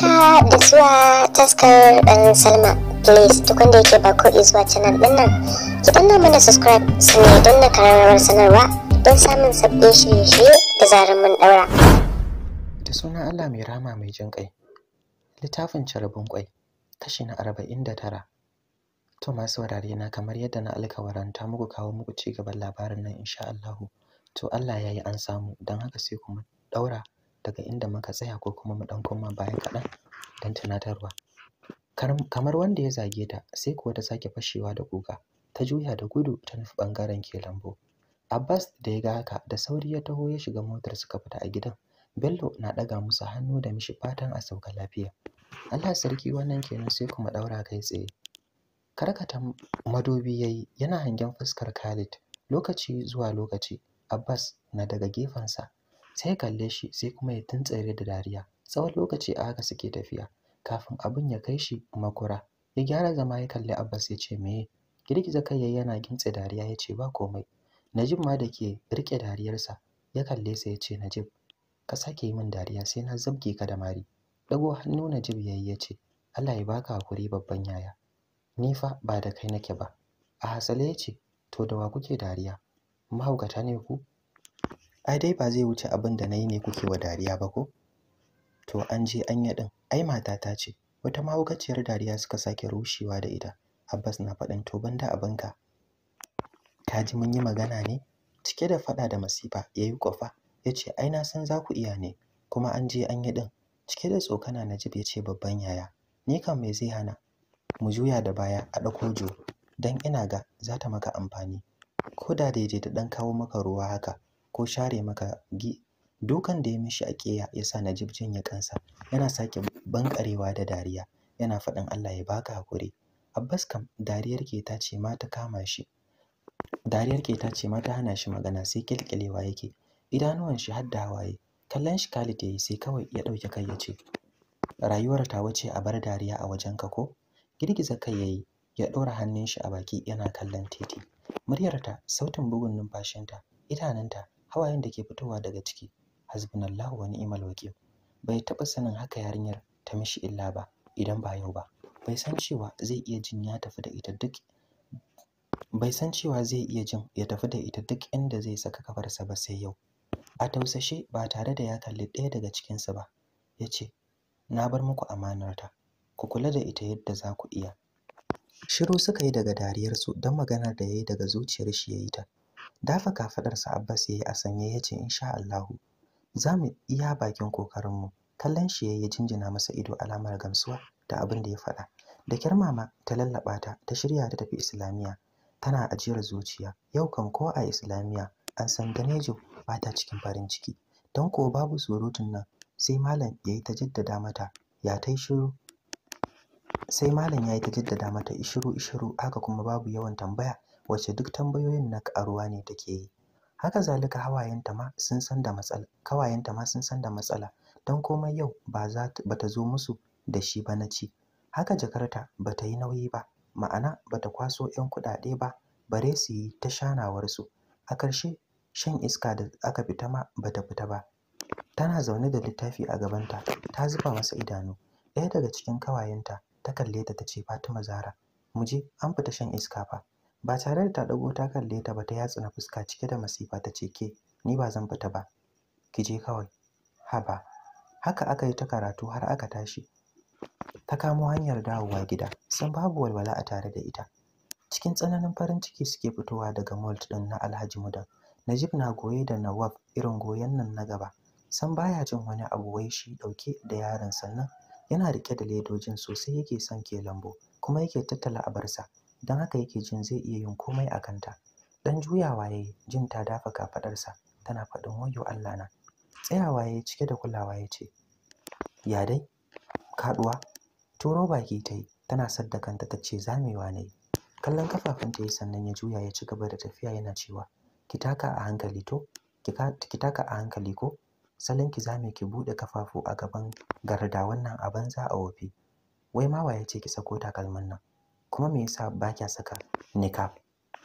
haka da zuwa taskar dan salma please duk wanda yake ba ko zuwa canal din nan ki danna mana subscribe su ne don na kararrawar sanarwa don samun sabbin shirye-shirye da zarar mun daura da suna allah mai rama mai jin kai littafin carabin kwai kashi na arba'in da tara to masu wurare na kamar yadda na alkawaranta muku kawo muku ci gaban labarin nan insha allahu to allah ya yi an samu don haka sai kuma daura daga inda muka tsaya ko kuma mu dan koma baya kaɗan don tunatarwa kamar wanda ya zage ta sai kuwa ta sake fashewa da kuka ta juya da gudu ta nufi bangaren ke lambu abbas da ya ga haka da sauri ya taho ya shiga motar suka fita a gidan bello na daga musu hannu da mishi fatan a sauka lafiya allah sarki wannan kenan sai kuma ɗaura kai tsaye karkata madobi ya yi yana hangen fuskar khalid lokaci zuwa lokaci abbas na daga gefensa sai ya kalle shi sai kuma ya tuntsare da dariya tsawon lokaci a haka suke tafiya kafin abin ya kai shi makura ya gyara zama ya kalli abbas ya ce meye girgiza kai yayi yana gintse dariya ya ce ba komai najib ma da ke riƙe dariyarsa ya kalle sa ya ce najib ka sake yi min dariya sai na zabge ka da mari dago hannu najib yayi ya ce allah ya baka hakuri babban yaya ni fa ba da kai nake ba a hasale ya ce to da wa kuke dariya mahaukata ne ku ai dai ba zai wuce abin da na yi ne kuke wa dariya ba ko to an je an yi ɗin ai matata ce wata mahaukaciyar dariya suka sake rushewa da ita abbas na faɗin to ban da abin ka ji mun yi magana ne cike da faɗa da masifa ya yi ƙofa ya ce ai na san za ku iya ne kuma an je an yi ɗin cike da tsokana na jib ya ce babban yaya ni kan me zai hana mu juya da baya a ɗauko jo don ina ga za ta maka amfani ko da daidai da ɗan kawo maka ruwa haka ko share maka gi dukan da ya mishi a ƙeya ya sa Najib ya kansa yana sake bankarewa da dariya yana faɗin Allah ya baka hakuri Abbas kam dariyar ke ta ce ma ta kama shi dariyar ke ta ce ma ta hana shi magana sai kilkilewa yake idanuwan shi har da hawaye kallon shi Khalid yayi sai kawai ya ɗauki kai ya ce rayuwar ta wace a bar dariya a wajenka ko girgiza kai yayi ya ɗora hannun shi a baki yana kallon titi muryarta sautin bugun numfashinta idanunta hawayen da ke fitowa daga ciki hasbunallahu wani ni'mal wakil bai taɓa sanin haka yarinyar ta mishi illa ba idan ba yau ba bai san cewa zai iya jin ya tafi da ita duk bai san cewa zai iya jin ya tafi da ita duk inda zai saka kafarsa ba sai yau a tausashe ba tare da ya kalli ɗaya daga cikinsu ba ya ce na bar muku amanar ta. ku kula da ita yadda za ku iya shiru suka yi daga dariyarsu don maganar da ya yi daga zuciyar shi ya yi ta dafa kafadarsa Abbas yi a sanye in insha Allahu mu iya bakin kokarinmu kallon shi yayi jinjina masa ido alamar gamsuwa da abin da ya faɗa da kyar mama ta lallaba ta ta shirya ta tafi islamiyya tana ajiyar zuciya yau kan ko a islamiyya? an san Danejo ba ta cikin farin ciki don ko babu surutun nan sai malam ya yi ta jaddada mata ya yi shiru sai malam ya yi ta jaddada mata ishiru ishiru haka kuma babu yawan tambaya wacce duk tambayoyin na ƙaruwa ne take yi haka zalika hawayenta ma sun san da matsala kawayenta ma sun san da matsala don komai yau ba za ta zo musu da shi ba na ci haka jakarta ba ta yi nauyi ba ma'ana ba ta kwaso 'yan kuɗaɗe ba bare su yi ta su, a ƙarshe shan iska da aka fita ma ba ta fita ba tana zaune da littafi a gabanta ta zuba masa idanu ɗaya daga cikin kawayenta ta kalle ta ta ce fatima zara mu je an fita shan iska fa ba tare da ta ɗago ta kalle ta ba ta yatsa na fuska cike da masifa ta ce ke ni ba zan fita ba ki je kawai haba haka aka yi ta karatu har aka tashi ta kamo hanyar dawowa gida san babu walwala a tare da ita cikin tsananin farin ciki suke fitowa daga malt din na Alhaji Mudan Najib na goye da Nawaf irin goyen nan na gaba san baya jin wani abu wai shi ɗauke da yaron sannan yana riƙe da ledojin sosai yake son ke lambo kuma yake tattala abarsa don haka yake jin zai iya yin komai a kanta dan juyawa ya yi jin ta dafa kafaɗarsa tana faɗin wayo allah na tsayawa ya yi cike da kulawa ya ce ya dai kaɗuwa turo baki ta yi tana sadda kanta ta ce zamewa ne kallon ta ya sannan ya juya ya ci gaba da tafiya yana cewa ki taka a hankali to ki taka a hankali ko salon ki zame ki buɗe kafafu a gaban garda wannan a banza a wofi wai ma waye ce ki sako takalmin nan kuma me yasa ba kya saka niqab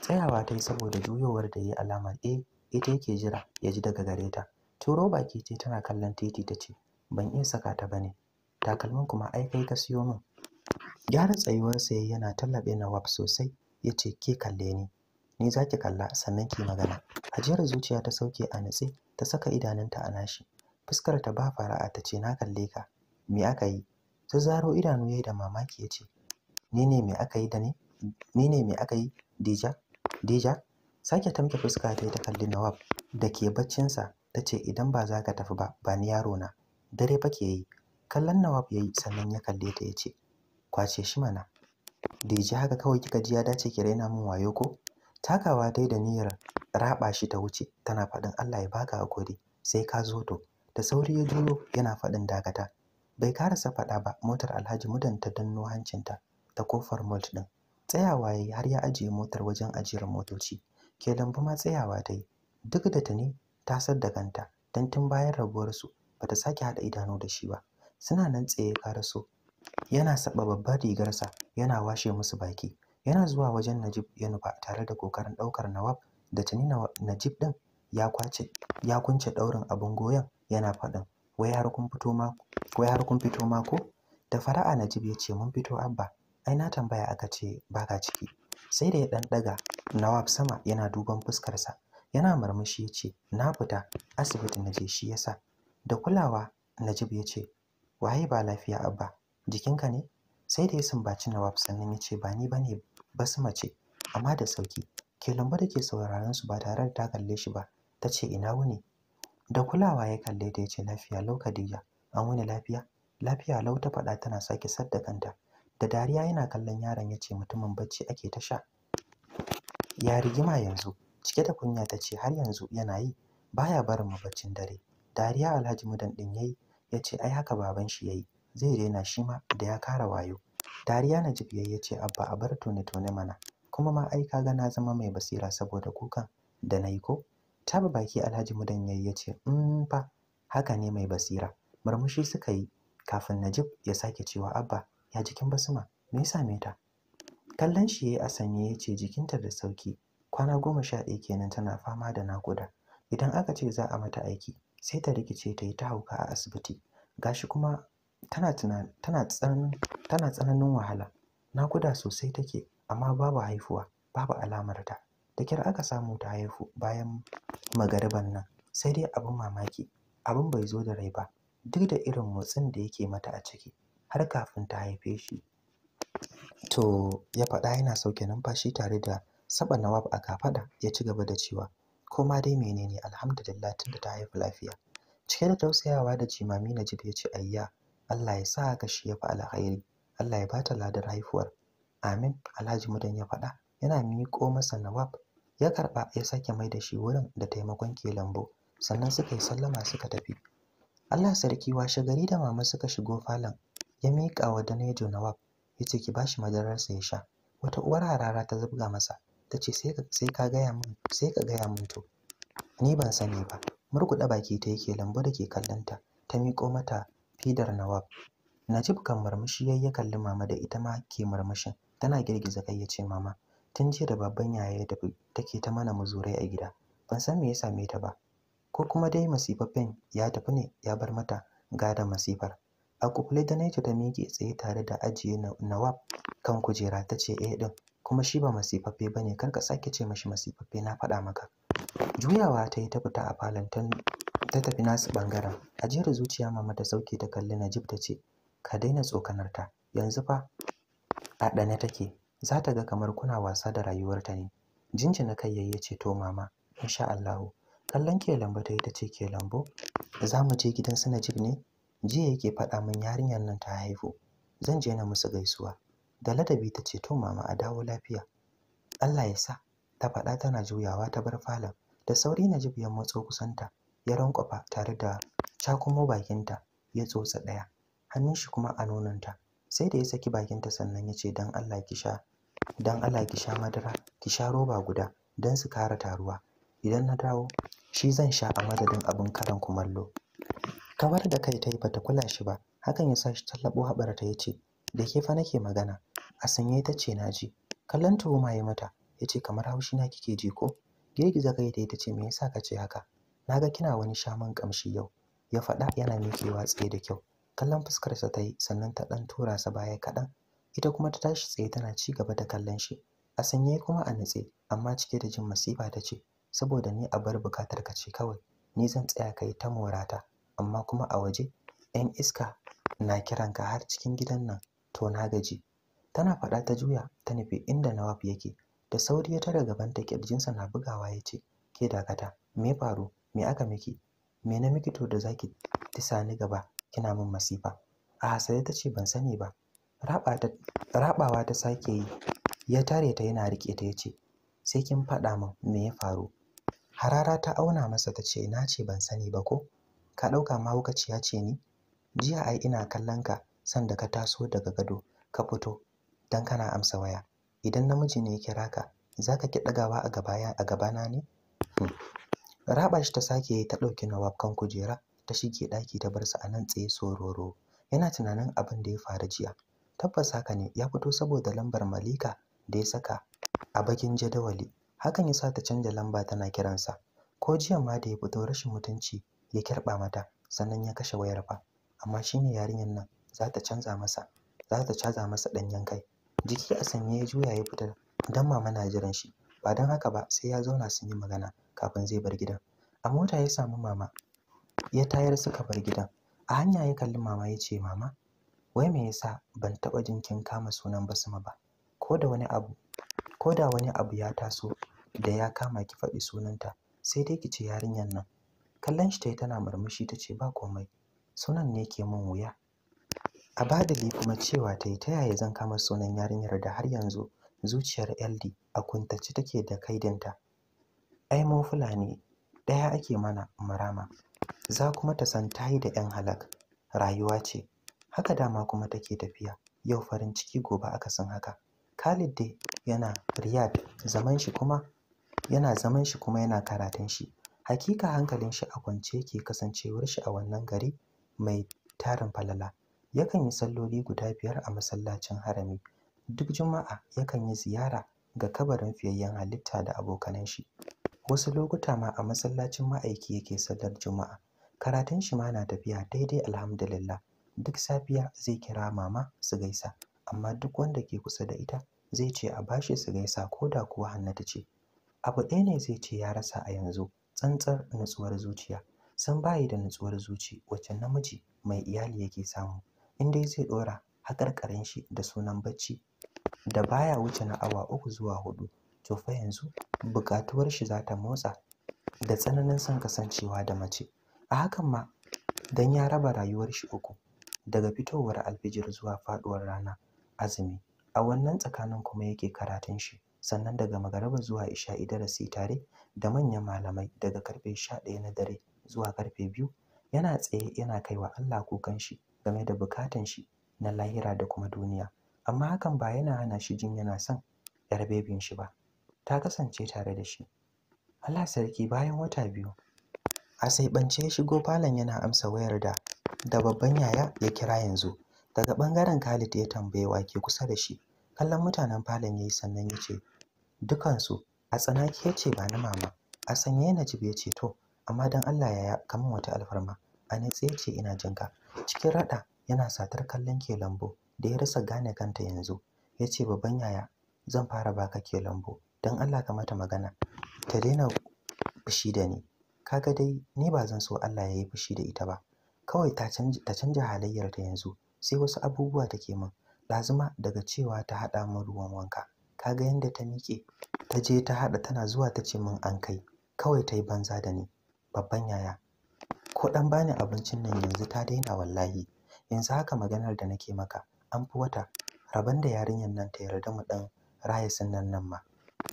tsayawa ta yi saboda juyowar da yi alama e ita yake jira ya ji daga gare ta turo baki ce tana kallon titi ta ce ban iya saka ta ne. takalmin kuma ai kai ka siyo min gyara tsayuwar yayi yana tallabe na wab sosai ya ce ke kalle ni ni za ki kalla sannan ki magana Hajiyar zuciya ta sauke a nitse ta saka idanunta a nashi fuskar ta ba fara'a ta ce na kalle ka me aka yi ta zaro idanu yayi da mamaki ya ce ni ne mai aka yi da ni ne aka yi dija dija sake tamke fuska ta ta kalli nawab da ke baccinsa ta ce idan ba za ka tafi ba ba ni yaro na dare fa ke yi kallon nawab ya yi sannan ya kalle ta ya ce kwace shi mana dija haka kawai kika ji ya dace ki raina min wayo ko takawa dai da niyyar raba shi ta wuce tana faɗin Allah ya baka hakuri sai ka zo to da sauri ya juyo yana faɗin dakata bai karasa faɗa ba motar Alhaji mudan ta danno hancinta ta kofar molt din tsayawa yayi har ya ajiye motar wajen ajiyar motoci ke lambu ma tsayawa ta yi duk da ta ne ta sar da kanta don tun bayan su, bata sake haɗa idanu da shi ba suna nan tsaye karaso yana saɓa babbar rigarsa yana washe musu baki yana zuwa wajen Najib ya nufa tare da kokarin ɗaukar Nawab da tuni Najib din ya kwace ya kunce ɗaurin abun goyon yana faɗin wai har kun fito ma wai har kun fito ma ko da fara'a Najib ya ce mun fito abba ai na tambaya aka ce baka ciki sai da ya dan daga nawab sama yana duban fuskarsa yana murmushi ya ce na fita asibiti na je shi yasa da kulawa najib ya ce waye ba lafiya abba jikinka ne sai da ya sumbaci nawab sannan ya ce ba ni bane su mace amma da sauki ke lamba da ke sauraron su ba tare da ta kalle shi ba ta ce ina wuni da kulawa ya kalle ta ya ce lafiya lau kadija an wuni lafiya lafiya lau ta faɗa tana sake sadda kanta da dariya yana kallon yaron ya ce mutumin bacci ake ta sha ya rigima yanzu cike da kunya ta ce har yanzu yana yi baya barin mu baccin dare dariya alhaji mudan din yayi ya ce ai haka baban shi yayi zai daina shi ma da ya kara wayo dariya najib yayi ya ce abba a bar tone tone mana kuma ma ai ga na zama mai basira saboda kukan da nayi ko taba baki alhaji mudan yayi ya ce in mm, fa haka ne mai basira murmushi suka yi kafin najib ya sake cewa abba ya jikin basuma? me ya same ta kallon shi yayi a sanye ya ce jikinta da sauki kwana goma sha ɗaya kenan tana fama da nakuda idan aka ce za a mata aiki sai ta rikice ta yi ta hauka a asibiti gashi kuma tana tana tana tsananin wahala nakuda sosai take amma babu haifuwa babu alamar ta da kyar aka samu ta haifu bayan magariban nan sai dai abin mamaki abin bai zo da rai ba duk da irin motsin da yake mata a ciki har kafin ta haife shi to ya faɗa yana sauke numfashi tare da saba nawab a kafada ya ci gaba da cewa koma dai menene alhamdulillah tunda ta haifi lafiya cike da tausayawa da jimami na jibi ya ce ayya Allah ya sa ka shi ya fi alkhairi Allah ya bata ladar haifuwar amin alhaji mudan ya faɗa yana miƙo masa nawab ya karɓa ya sake mai da shi wurin da taimakon ke lambu sannan suka yi sallama suka tafi Allah sarki washe gari da mama suka shigo falon ya miƙa wa Danejo Nawab ya ce ki bashi madararsa ya sha wata uwar harara ta zubga masa ta ce sai ka gaya min sai ka gaya min to ni ban sani ba murguɗa baki ta yake lambu da ke kallonta ta miƙo mata fidar Nawab Najib kan murmushi yayi ya kalli mama da ita ma ke murmushin tana girgiza kai ya mama tun jiya da babban yaya ya tafi take ta mana muzurai a gida ban san me ya same ta ba ko kuma dai masifaffen ya tafi ne ya bar mata gada masifar a kufle da Danaitu ta miƙe tsaye tare da ajiye Nawab kan kujera ta ce eh din kuma shi ba masifaffe ba kar ka sake ce mashi masifaffe na faɗa maka juyawa ta yi ta a falon ta tafi nasu ɓangaren. ajiyar zuciya mama ta sauke ta kalli Najib ta ce ka daina tsokanarta, yanzu fa a ɗane take za ta ga kamar kuna wasa da rayuwarta ne na kai yayi ce to mama insha Allah kallon ke lambo ta yi ta ce ke lambo za mu je gidan su Najib ne jiya yake faɗa min yarinyar nan ta haihu zan je na musu gaisuwa da ladabi ta ce to mama a dawo lafiya Allah ya sa ta faɗa tana juyawa ta bar falon da sauri na ji biyan matso kusanta ya rankwafa tare da cakumo bakinta ya tsotsa ɗaya hannun shi kuma a nononta sai da ya saki bakinta sannan ya ce don Allah ki sha don Allah ki sha madara ki sha roba guda don su kara taruwa idan na dawo shi zan sha a madadin abin karan kumallo Rawar da kai ta yi bata kula shi ba hakan ya sa shi tallabo haɓar ta ce, da ke fa nake magana a sanye ta ce naji kallon tuhuma ya mata yace kamar haushi na kike ji ko girgiza kai ta ce me yasa kace haka Na ga kina wani shaman kamshi yau ya faɗa yana mikewa tsaye da kyau kallon fuskarsa ta yi sannan ta ɗan tura sa baya kaɗan ita kuma ta tashi tsaye tana ci gaba da kallon shi a sanye kuma a nutse amma cike da jin masifa ta ce saboda ni a bar bukatar ka ce kawai ni zan tsaya kai ta morata amma kuma a waje 'yan iska na kiranka har cikin gidan nan to na gaji tana faɗa ta juya ta nufi inda nawaf yake da sauri ya gaban gabanta kirjinsa na bugawa ya ce ke dakata me faru me aka miki me na miki to da zaki tisa ni gaba kina min masifa a hasare ta ce ban sani ba rabawa ta sake yi ya tare ta yana rike ta ya ce sai kin faɗa min me ya faru harara ta auna masa ta ce na ce ban sani ba ko ka ɗauka mahaukaciya ce ni jiya ai ina kallon ka sanda ka taso daga gado ka fito dan kana amsa waya idan namiji ne ya kira ka za ka ki ɗagawa a gabaya a gabana ne raba shi ta sake ta ɗauki nawab kan kujera ta shige ɗaki ta bar sa a nan tsaye sororo yana tunanin abin da ya faru jiya tabbas haka ne ya fito saboda lambar malika da ya saka a bakin jadawali hakan ya sa ta canza lamba tana kiransa ko jiya ma da ya fito rashin mutunci ya kirɓa mata sannan ya kashe wayar fa amma shine yarinyar nan za ta canza masa za ta caza masa ɗanyen kai jiki a sanye ya juya ya fita dan mama na jiran shi ba don haka ba sai ya zauna sun yi magana kafin zai bar gidan a mota ya samu mama ya tayar suka bar gidan a hanya ya kalli mama ya ce mama wai me yasa ban taɓa jin kama sunan basma ba ko da wani abu ko da wani abu ya taso da ya kama ki faɗi sunanta sai dai ki ce yarinyar nan kallon shi ta yi tana murmushi ta ce ba komai sunan ne ke min wuya abadali kuma cewa ta ta yaya zan kama sunan yarinyar da har yanzu zuciyar ld a kuntace take da kaidinta ai mu fulani ɗaya ake mana marama za kuma ta san tayi da 'yan halak rayuwa ce haka dama kuma take tafiya yau farin ciki gobe aka san haka Khalid dai yana Riyad zaman shi kuma yana zaman shi kuma yana karatun shi Hakika hankalin shi a kwance yake kasancewar shi a wannan gari mai tarin falala. Yakan yi salloli guda biyar a masallacin harami. Duk Juma'a yakan yi ziyara ga kabarin fiyayyen halitta da abokanan shi. Wasu lokuta ma a masallacin ma'aiki yake sallar Juma'a. Karatun shi ma na tafiya daidai alhamdulillah. Duk safiya zai kira mama su gaisa, amma duk wanda ke kusa da ita zai ce a bashi su gaisa ko da kuwa hannata ce. Abu ɗaya ne zai ce ya rasa a yanzu, tsantsar nutsuwar zuciya san bayi da nutsuwar zuci wacce namiji mai iyali yake samu in dai zai ɗora haƙarƙarin shi da sunan bacci da baya wuce na awa uku zuwa hudu to fa yanzu buƙatuwar shi za ta motsa da tsananin san kasancewa da mace a hakan ma dan ya raba rayuwar shi uku daga fitowar alfijir zuwa faɗuwar rana azumi a wannan tsakanin kuma yake karatun shi sannan daga magaraba zuwa isha i darasi tare da manyan malamai daga karfe sha ɗaya na dare zuwa karfe biyu, yana tsaye yana kai wa Allah kukan shi game da bukatan shi na lahira da kuma duniya amma hakan ba yana hana shi jin yana son yar bebin shi ba ta kasance tare da shi Allah sarki bayan wata biyu a ya shigo falon yana amsa wayar da da babban yaya ya kira yanzu daga ɓangaren Khalid ya tambaye wa ke kusa da shi kallon mutanen falon ya yi sannan ya ce dukansu a tsanaki ya ce ba na mama a sanya na jibi ya ce to amma don allah ya kamar wata alfarma a nitse ya ce ina jinka cikin rada yana satar kallon ke lambo da ya rasa gane kanta yanzu ya ce babban yaya zan fara baka ke lambo don allah ka mata magana ta daina fushi da ni kaga dai ni ba zan so allah ya yi fushi da ita ba kawai ta canja halayyarta yanzu sai wasu abubuwa take min lazima daga cewa ta haɗa min ruwan wanka ga yadda ta miƙe ta je ta haɗa tana zuwa ta ce min an kai kawai ta yi banza da ni babban yaya ko ɗan bani abincin nan yanzu ta daina wallahi yanzu haka maganar da nake maka an fi wata rabon da yarinyar nan ta yarda mu ɗan raya sunan nan ma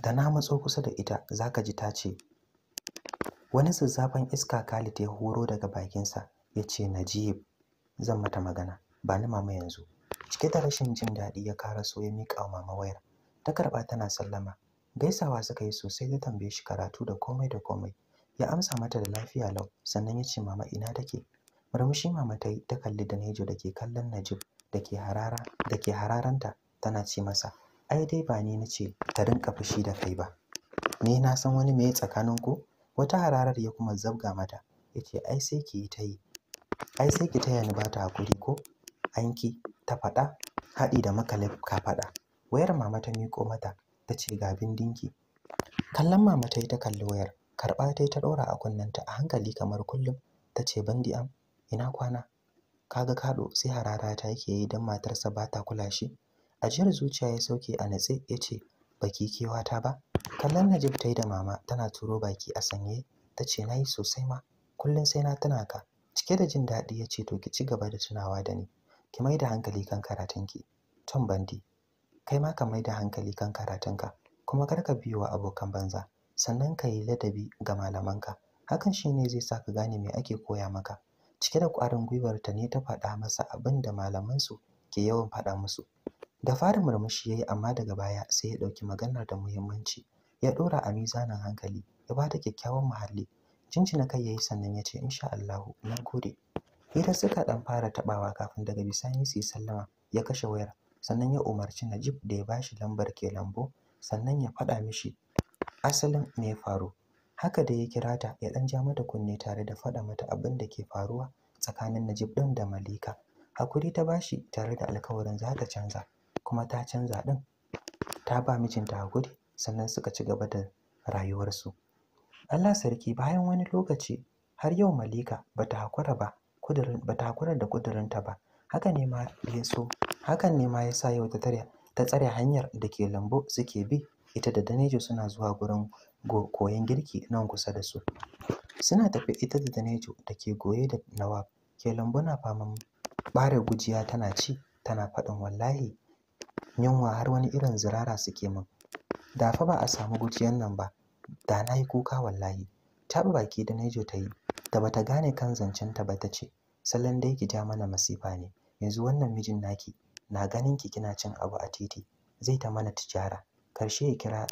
da na matso kusa da ita zaka ji ta ce wani zazzafan iska Khalid ya horo daga bakinsa ya ce Najib zan mata magana ba ni mama yanzu cike da rashin jin daɗi ya kara so ya miƙa wa mama wayar ta karɓa tana sallama gaisawa suka yi sosai ta tambaye shi karatu da komai da komai ya amsa mata da lafiya lau sannan ya ce mama ina take murmushi mama ta yi ta kalli nejo da ke kallon najib da ke harara da ke hararanta tana ce masa ai dai ba ni na ce ta rinka fushi da kai ba ni na san wani me tsakanin ku wata hararar ya kuma zabga mata Ya ce ai sai ki yi ta yi ai sai ki taya ni ba ta hakuri ko anki ta faɗa haɗi da makale faɗa. wayar mama ta miƙo mata ta ce ga bindinki kallon mama ta yi ta kalli wayar karɓa ta yi ta ɗora a kunnenta a hankali kamar kullum ta ce bandi am ina kwana kaga kaɗo sai harara ta yake yi don matarsa ba ta kula shi ajiyar zuciya ya sauke a natse ya ce baki ta ba kallon najib ta yi da mama tana turo baki a sanye ta ce na yi sosai ma kullum sai na tuna ka cike da jin daɗi ya ce to ki ci gaba da tunawa da ni ki mai da hankali kan karatunki tom bandi kai ma ka mai da hankali kan karatunka kuma kar ka biyo wa abokan banza sannan ka yi ladabi ga malamanka hakan shine zai sa ka gane me ake koya maka cike da ƙwarin gwiwar ta ne ta faɗa masa abin da malamansu ke yawan faɗa musu da farin murmushi ya yi amma daga baya sai ya ɗauki maganar da muhimmanci ya ɗora a mizanin hankali ya ba ta kyakkyawan muhalli jinjina kai ya yi sannan ya ce insha Allahu na gode hira suka ɗan fara taɓawa kafin daga bisani su yi sallama ya kashe wayar sannan ya umarci Najib da ya bashi lambar ke lambo sannan ya faɗa mishi asalin me faru haka da ya kira ta ya dan ja mata kunne tare da faɗa mata abin da ke faruwa tsakanin Najib ɗin da Malika hakuri ta bashi tare da alƙawarin za ta canza kuma ta canza din ta ba mijinta hakuri sannan suka ci gaba da rayuwarsu Allah sarki bayan wani lokaci har yau Malika bata hakura ba kudirin bata hakura da ta ba haka ne ma ya hakan ne ma yasa yau ta tare ta tsare hanyar da ke lambu suke bi ita da Danejo suna zuwa gurin koyon girki nan kusa da su suna tafi ita da Danejo da ke goye da Nawab ke lambu na faman bare gujiya tana ci tana faɗin wallahi yunwa har wani irin zirara suke min da fa ba a samu gujiyan nan ba da na yi kuka wallahi ta baki da Danejo ta yi da bata gane kan zancen ta ba ta ce sallan dai ki ja mana masifa ne yanzu wannan mijin naki na ganin ki kina cin abu a titi zai ta mana tijara karshe ya kira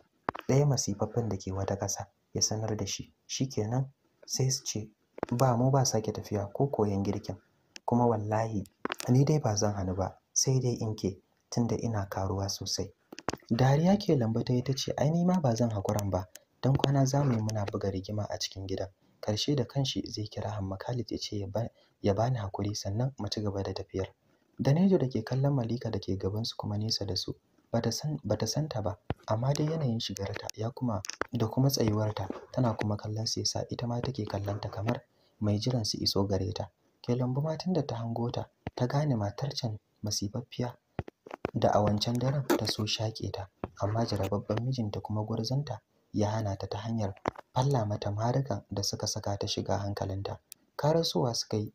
ɗaya masifaffen da ke wata ƙasa ya sanar da shi shi shikenan sai su ce ba mu ba sake tafiya ko koyan girkin kuma wallahi ni dai ba zan hannu ba sai dai in ke tunda ina karuwa sosai dariya ke lambata ita ce ai ni ma ba zan hakuran ba don kwana za mu yi muna buga rigima a cikin gidan karshe da kanshi zai kira Hamma Khalid ya ce ya bani hakuri sannan mu ci gaba da tafiyar Danejo da ke kallon Malika da ke gabansu kuma nesa da su bata san ta santa ba amma dai yanayin shigarta ya kuma da kuma tsayuwarta tana kuma kallon su yasa ita ma take kallon ta kamar mai jiran su iso gare ta ke lambu matan da ta hango ta ta gane matar can masifaffiya da a wancan daren ta so shaƙe ta amma jarababben mijinta kuma gwarzanta ya hana ta ta hanyar falla mata marukan da suka saka ta shiga hankalinta karasowa suka yi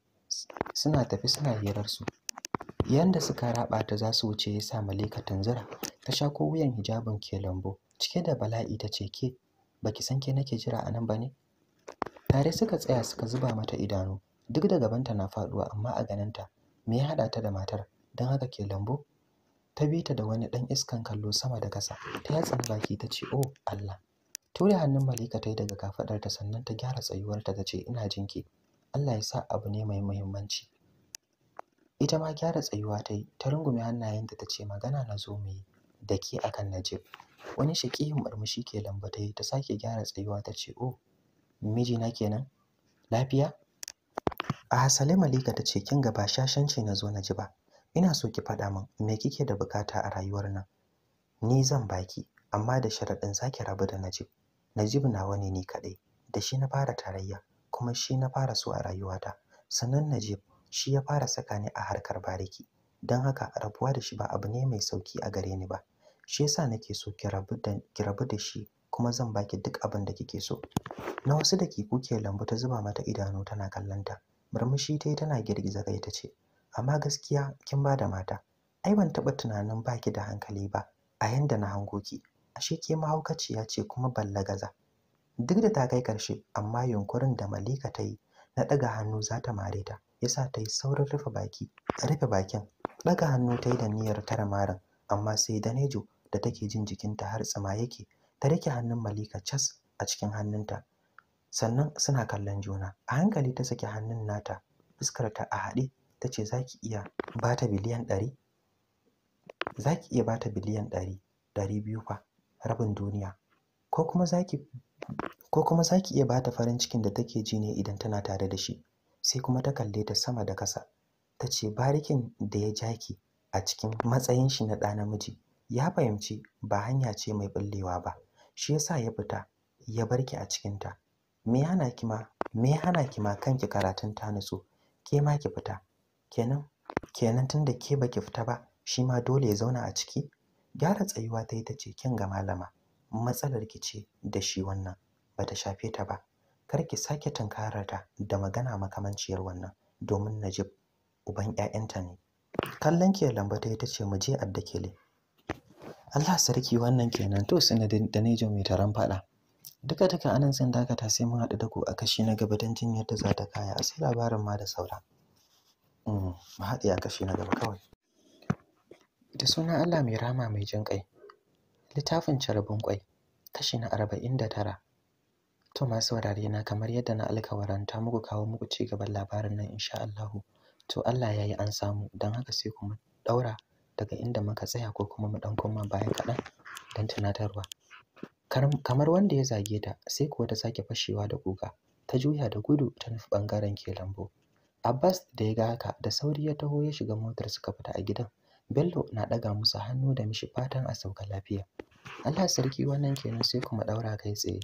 suna tafi suna hirar su. yanda suka raba ta za su wuce ya sa malika tunzura ta sha ko wuyan hijabin ke lambo cike da bala'i ta ce ke baki san ke nake jira a nan ba ne tare suka tsaya suka zuba mata idanu duk da gabanta na faduwa amma a ganinta me ya hada ta da matar dan haka ke lambo ta bi ta da wani dan iskan kallo sama da kasa ta yatsa baki ta ce oh Allah Ture hannun Malika ta yi daga kafaɗarta sannan ta gyara tsayuwar, ta ce ina jinki. Allah ya sa abu ne mai muhimmanci. Ita ma gyara tsayuwa ta yi ta rungume hannayen ta ce magana na zo mu yi da ke akan Najib. Wani shaƙiyin murmushi ke lamba ta yi ta sake gyara tsayuwa ta ce oh na kenan lafiya? A hasale Malika ta ce kin ga ba shashanci na zo na ji ba. Ina so ki faɗa min me kike da bukata a rayuwar nan. Ni zan baki amma da sharaɗin zaki rabu da Najib. Najib nawa ne ni kaɗai da shi na fara tarayya kuma shi na fara so a rayuwata sannan Najib shi ya fara saka ni a harkar bariki don haka rabuwa da shi ba abu ne mai sauki a gare ni ba shi yasa nake so ki rabu da shi kuma zan baki duk abin da kike so na wasu dakiku ke lambu ta zuba mata idanu tana kallonta murmushi ta yi tana girgiza kai ta ce amma gaskiya kin ba da mata ai ban taɓa tunanin baki da hankali ba a yanda na hango ki ashe ke mahaukaciya ce kuma ballagaza duk da ta kai ƙarshe amma yunkurin da malika ta yi na ɗaga hannu za ta mare ta yasa ta yi saurin rufe baki rufe bakin ɗaga hannu ta yi da niyyar tara marin amma sai danejo da take jin jikinta har tsima yake ta rike hannun malika cas a cikin hannunta sannan suna kallon juna a hankali ta saki hannun nata fuskarta a haɗe ta ce za ki iya ba ta biliyan ɗari za iya ba biliyan ɗari ɗari biyu fa rabin duniya ko kuma zaki ko kuma zaki iya bata farin cikin da take ji ne idan tana tare da shi sai kuma ta kalle ta sama da kasa ta ce barikin da ya jaki a cikin matsayin shi na ɗa namiji ya fahimci ba hanya ce mai bullewa ba shi yasa ya fita ya barki a cikinta me hana ki ma me hana ki ma kanki karatun ta nutsu ke ma ki fita kenan kenan tunda ke baki fita ba shi ma dole ya zauna a ciki gyara tsayuwa ta yi ta ce kin ga malama matsalar ki ce da shi wannan ba ta shafe ta ba kar ki sake tunkarar da magana makamanciyar wannan domin Najib uban ƴaƴanta ne kallon ke lamba ta yi ta ce mu je addakele Allah sarki wannan kenan to sanadin da Nejo mai taron fada duka duka anan zan dakata sai mun haɗu da ku a kashi na gaba don jin yadda za ta kaya a sai labarin ma da saura mm, mu haɗe a kashi na gaba kawai Da suna Allah mai rama mai jin ƙai. Littafin carbin Ƙwai, kashi na arba'in da tara. To masu warare na kamar yadda na alkawaranta muku kawo muku ci gaban labarin nan insha Allahu. To Allah ya yi an samu don haka sai kuma ɗaura daga inda muka tsaya ko kuma mu ɗan koma baya kaɗan don tunatarwa. Kamar wanda ya zage ta sai kuwa ta sake fashewa da kuka ta juya da gudu ta nufi bangaren ke lambu. Abbas da ya ga haka da sauri ya taho ya shiga motar suka fita a gidan Bello na ɗaga musu hannu da mishi fatan a sauka lafiya. Allah sarki wannan kenan sai kuma ɗaura kai tsaye.